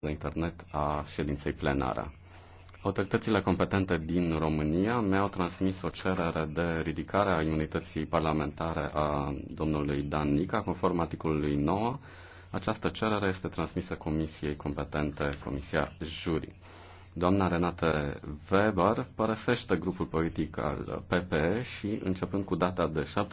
de internet a ședinței plenare. Autoritățile competente din România mi-au transmis o cerere de ridicare a imunității parlamentare a domnului Dan Nica, conform articolului 9. Această cerere este transmisă comisiei competente, Comisia Juri. Doamna Renate Weber părăsește grupul politic al PPE și, începând cu data de 7